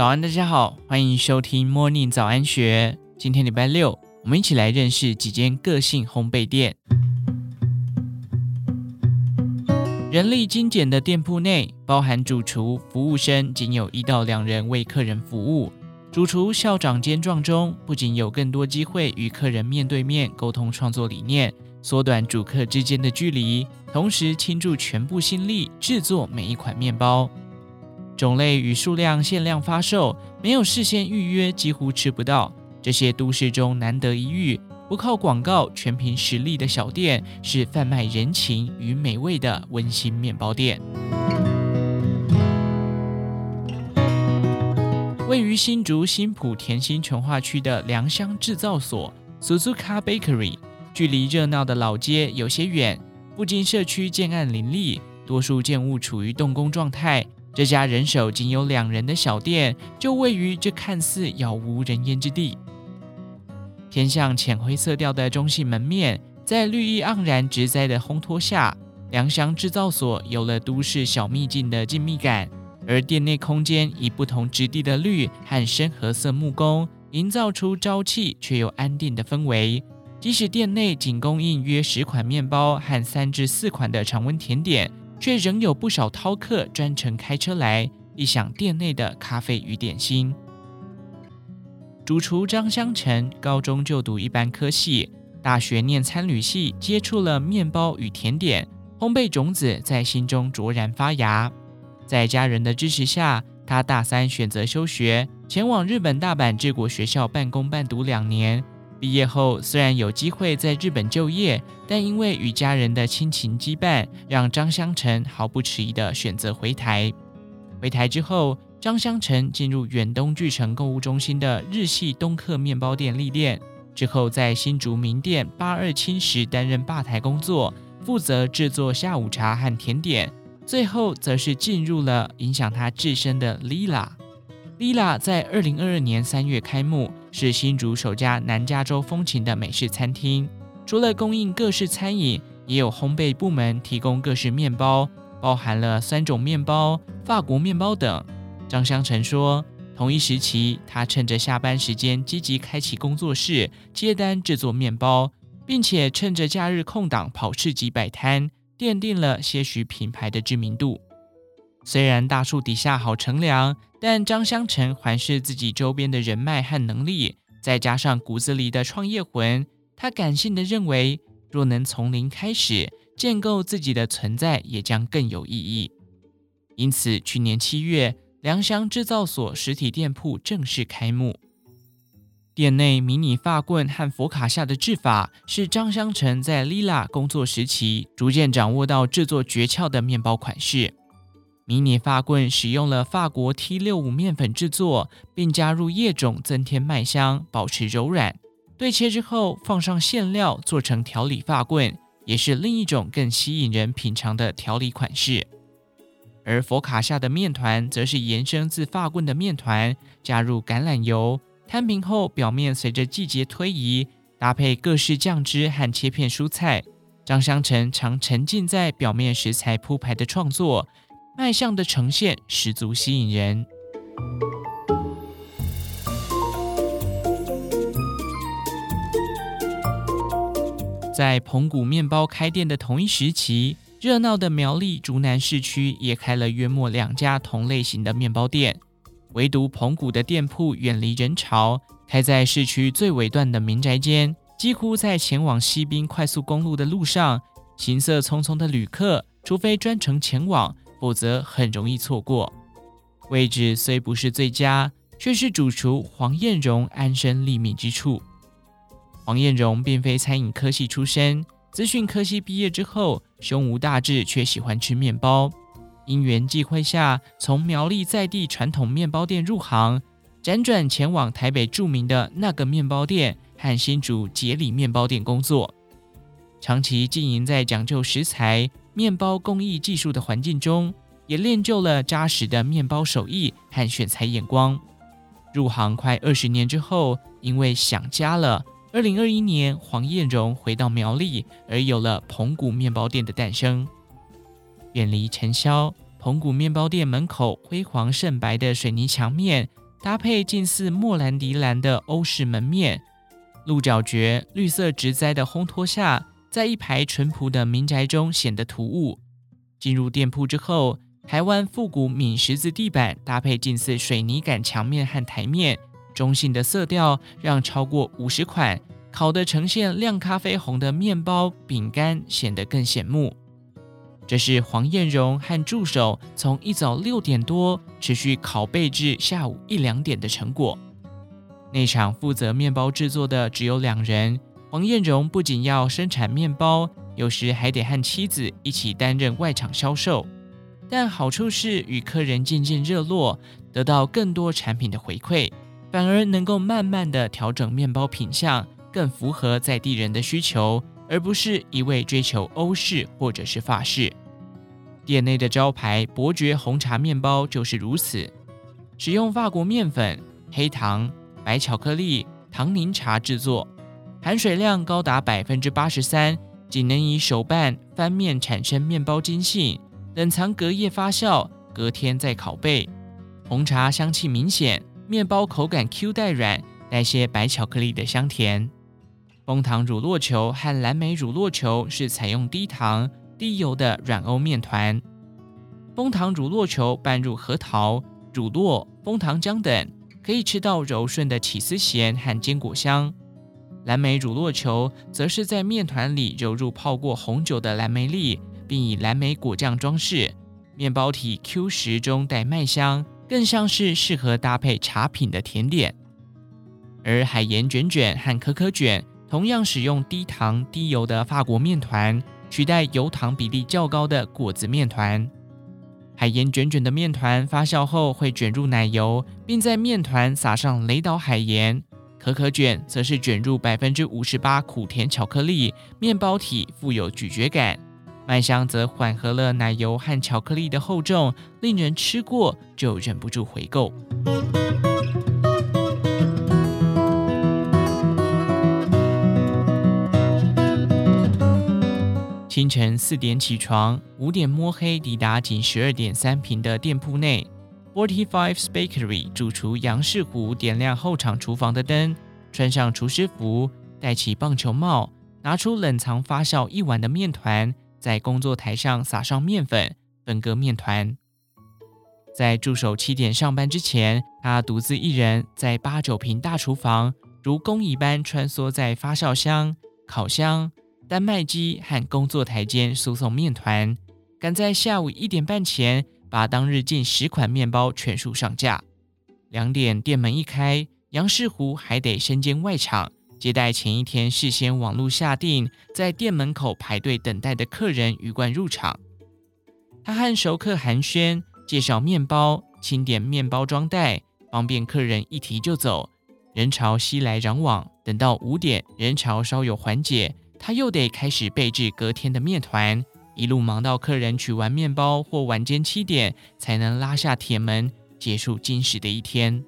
早安，大家好，歡迎收聽 Morning 早安學。今天禮拜六，我們一起來認識幾間個性烘焙店。人力精簡的店鋪內，包含主廚、服務生，僅有一到兩人為客人服務。主廚校長兼撞鐘，不僅有更多機會與客人面對面溝通創作理念，縮短主客之間的距離，同時傾注全部心力制作每一款面包。種類與數量限量發售，沒有事先預約幾乎吃不到。這些都市中難得一遇、不靠廣告、全憑實力的小店，是販賣人情與美味的溫馨麵包店。位於新竹新埔田心城化區的良鄉製造所 （Suzuka Bakery），距離熱鬧的老街有些遠。附近社區建案林立，多數建物處於動工狀態。這家人手僅有兩人的小店，就位於這看似杳無人煙之地。偏向淺灰色調的中性門面，在綠意盎然植栽的烘托下，良祥製造所有了都市小秘境的靜謐感。而店內空間以不同質地的綠和深褐色木工，營造出朝氣卻又安定的氛圍。即使店內僅供應約十款麵包和三至四款的常溫甜點。卻仍有不少饕客專程開車來，一享店內的咖啡與點心。主廚張湘成高中就讀一般科系，大學念餐旅系，接觸了面包與甜點，烘焙種子在心中卓然發芽。在家人的支持下，他大三選擇休學，前往日本大阪製菓學校半工半讀兩年。畢業後，雖然有機會在日本就業，但因為與家人的親情羈絆，讓張湘成毫不遲疑地選擇回台。回台之後，張湘成進入遠東巨城購物中心的日系東客麵包店歷練，之後在新竹名店八二青石擔任吧台工作，負責制作下午茶和甜點，最後則是進入了影響他自身的 Lila。Lila 在二零二二年三月開幕，是新竹首家南加州風情的美式餐廳。除了供應各式餐飲，也有烘焙部門提供各式麵包，包含了酸種麵包、法國麵包等。張相成說，同一時期，他趁着下班時間積極開啟工作室，接單制作麵包，並且趁着假日空檔跑市集擺攤，奠定了些許品牌的知名度。雖然大樹底下好乘涼，但張湘成環視自己周邊的人脈和能力，再加上骨子裡的創業魂，他感性的認為，若能從零開始建構自己的存在，也將更有意義。因此，去年七月，良鄉製造所實體店鋪正式開幕。店內迷你發棍和佛卡夏的製法，是張湘成在 Lila 工作時期逐漸掌握到製作訣竅的面包款式。迷你發棍使用了法國 T65 麵粉製作，並加入液種增添麥香，保持柔軟。對切之後放上餡料，做成調理發棍，也是另一種更吸引人品嚐的調理款式。而佛卡夏的麵糰則是延伸自發棍的麵糰，加入橄欖油，攤平後表面隨着季節推移，搭配各式醬汁和切片蔬菜。張香成常沉浸在表面食材鋪排的創作。賣相的呈現十足吸引人。在彭古麵包開店的同一時期，熱鬧的苗栗竹南市區也開了約莫兩家同類型的麵包店，唯獨彭古的店鋪遠離人潮，開在市區最尾段的民宅間，幾乎在前往西濱快速公路的路上，行色匆匆的旅客，除非專程前往，否則很容易錯過。位置雖不是最佳，卻是主廚黃燕榮安身立命之處。黃燕榮並非餐飲科系出身，資訊科系畢業之後，胸無大志卻喜歡吃面包。因緣際會下，從苗栗在地傳統面包店入行，輾轉前往台北著名的那個麵包店和新竹杰里面包店工作，長期經營在講究食材、麵包工藝技術的環境中。也練就了紮實的麵包手藝和選材眼光。入行快二十年之後，因為想家了，二零二一年黃燕榮回到苗栗，而有了彭古麵包店的誕生。遠離塵囂，彭古麵包店門口灰黃滲白的水泥牆面，搭配近似莫蘭迪藍的歐式門面，鹿角蕨綠色植栽的烘托下，在一排淳樸的民宅中顯得突兀。進入店鋪之後，台灣復古米十字地板搭配近似水泥感牆面和台面，中性的色調讓超過五十款烤得呈現亮咖啡紅的麵包餅乾顯得更醒目。這是黃燕榮和助手從一早六點多持續烤焙至下午一兩點的成果。內場負責麵包製作的只有兩人，黃燕榮不僅要生產麵包，有時還得和妻子一起擔任外場銷售。但好處是與客人漸漸熱絡，得到更多產品的回饋，反而能夠慢慢的調整麵包品項，更符合在地人的需求，而不是一味追求歐式或者是法式。店內的招牌伯爵紅茶麵包就是如此，使用法國麵粉、黑糖、白巧克力、唐寧茶製作，含水量高達百分之八十三，僅能以手拌翻面產生麵包筋性。冷藏隔夜發酵，隔天再烤焙，紅茶香氣明顯，麵包口感 Q 彈軟，帶些白巧克力的香甜。楓糖乳酪球和藍莓乳酪球是採用低糖低油的軟歐面團。楓糖乳酪球拌入核桃、乳酪、楓糖漿等，可以吃到柔順的起司鹹和堅果香。藍莓乳酪球則是在面團裡揉入泡過紅酒的藍莓粒。並以藍莓果醬裝飾，麵包體 Q 實中帶麥香，更像是適合搭配茶品的甜點。而海鹽捲捲和可可捲同樣使用低糖低油的法國麵糰，取代油糖比例較高的果子麵糰。海鹽捲捲的麵糰發酵後會捲入奶油，並在麵糰撒上雷島海鹽；可可捲則是捲入百分之五十八苦甜巧克力，麵包體富有咀嚼感。麥香則緩和了奶油和巧克力的厚重，令人吃過就忍不住回購。清晨四點起床，五點摸黑抵達僅十二點三平的店鋪內，Forty Five Bakery 主廚楊世虎點亮後場廚房的燈，穿上廚師服，戴起棒球帽，拿出冷藏發酵一晚的面團。在工作台上撒上麵粉，分割麵團。在助手七點上班之前，他獨自一人在八九平大廚房，如工蟻般穿梭在發酵箱、烤箱、丹麥機和工作台間輸送麵團，趕在下午一點半前把當日近十款麵包全數上架。兩點店門一開，楊世湖還得身兼外場。接待前一天事先網路下定，在店門口排隊等待的客人魚貫入場。他和熟客寒暄，介紹麵包，清點麵包裝袋，方便客人一提就走。人潮熙來攘往，等到五點，人潮稍有緩解，他又得開始備製隔天的麵糰，一路忙到客人取完麵包或晚間七點，才能拉下鐵門，結束今時的一天。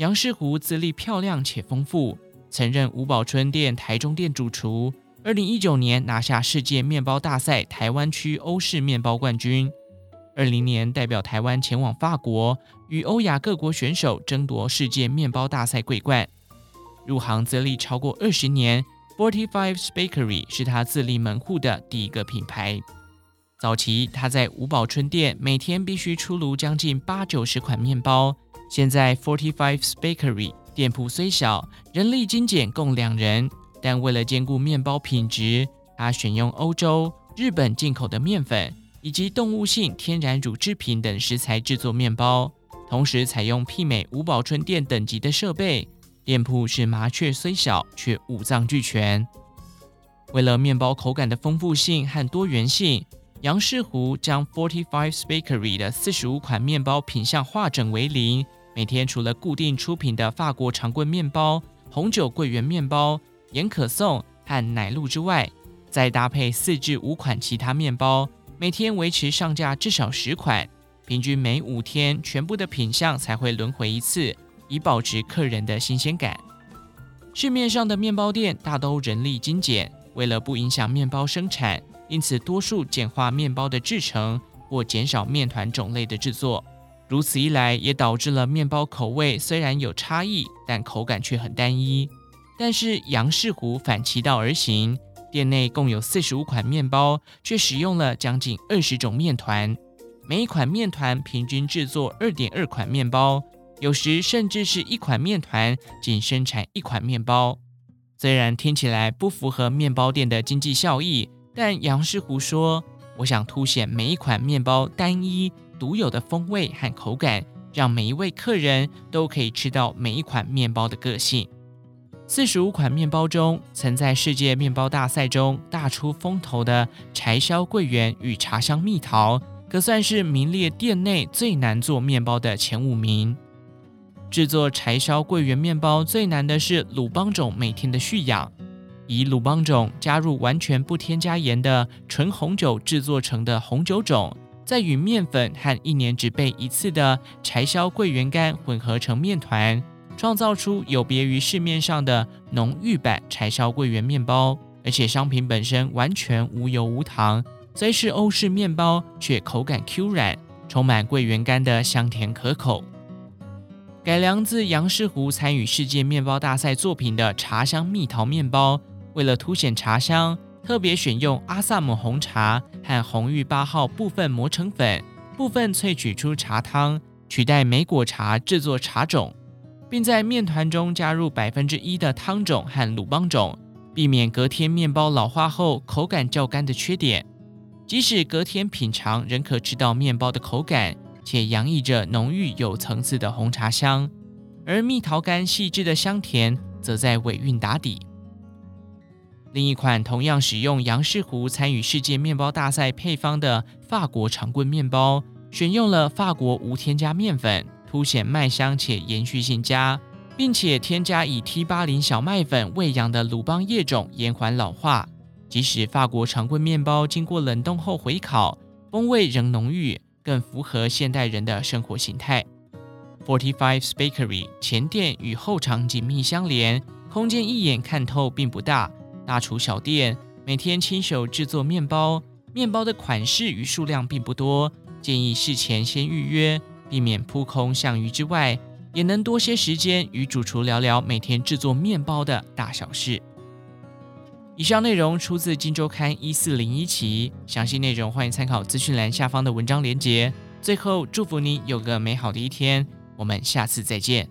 楊世湖資歷漂亮且豐富，曾任吳寶春店台中店主廚。二零一九年拿下世界麵包大賽台灣區歐式麵包冠軍。二零年代表台灣前往法國，與歐亞各國選手爭奪世界麵包大賽桂冠。入行資歷超過二十年，Forty Five Bakery 是他自立門戶的第一個品牌。早期他在吳寶春店每天必須出爐將近八九十款麵包。現在 Forty Five's Bakery 店鋪雖小，人力精簡，共兩人，但為了兼顧麵包品質，他選用歐洲、日本進口的麵粉以及動物性天然乳製品等食材製作麵包，同時採用媲美吳寶春店等級的設備。店鋪是麻雀雖小，卻五臟俱全。為了麵包口感的豐富性和多元性，楊世湖將 Forty Five's Bakery 的四十五款麵包品項化整為零。每天除了固定出品的法國長棍麵包、紅酒桂圓麵包、鹽可頌和奶露之外，再搭配四至五款其他麵包，每天維持上架至少十款，平均每五天全部的品項才會輪回一次，以保持客人的新鮮感。市面上的麵包店大都人力精簡，為了不影響麵包生產，因此多數簡化麵包的製程或減少麵團種類的制作。如此一來，也導致了麵包口味雖然有差異，但口感卻很單一。但是楊氏虎反其道而行，店內共有四十五款麵包，卻使用了將近二十種麵團。每一款麵團平均製作二點二款麵包，有時甚至是一款麵團僅生產一款麵包。雖然聽起來不符合麵包店的經濟效益，但楊氏虎說。我想凸顯每一款麵包單一獨有的風味和口感，讓每一位客人都可以吃到每一款麵包的個性。四十五款麵包中，曾在世界麵包大賽中大出風頭的柴燒桂圓與茶香蜜桃，可算是名列店內最難做麵包的前五名。制作柴燒桂圓麵包最難的是魯邦種每天的續養。以魯邦種加入完全不添加鹽的純紅酒製作成的紅酒種，再與麵粉和一年只備一次的柴燒桂圓乾混合成麵糰，創造出有別於市面上的濃郁版柴燒桂圓麵包。而且商品本身完全無油無糖，雖是歐式麵包，卻口感 Q 軟，充滿桂圓乾的香甜可口。改良自楊世湖參與世界麵包大賽作品的茶香蜜桃麵包。為了凸顯茶香，特別選用阿薩姆紅茶和紅玉八號部分磨成粉，部分萃取出茶湯，取代莓果茶制作茶種，並在麵糰中加入百分之一的湯種和魯邦種，避免隔天麵包老化後口感較乾的缺點。即使隔天品嘗，仍可吃到麵包的口感，且洋溢着濃郁有層次的紅茶香，而蜜桃乾細緻的香甜則在尾韻打底。另一款同樣使用楊氏湖參與世界麵包大賽配方的法國長棍麵包，選用了法國無添加麵粉，凸顯麥香且延續性佳，並且添加以 T 八零小麥粉餵養的魯邦液種，延緩老化。即使法國長棍麵包經過冷凍後回烤，風味仍濃郁，更符合現代人的生活形態。Forty Five Bakery 前店與後場緊密相連，空間一眼看透，並不大。大廚小店每天親手制作麵包，麵包的款式與數量並不多，建議事前先預約，避免撲空。向隅之外，也能多些時間與主廚聊聊每天制作麵包的大小事。以上內容出自《今周刊》一四零一期，詳細內容歡迎參考資訊欄下方的文章鏈接。最後，祝福你有個美好的一天，我們下次再見。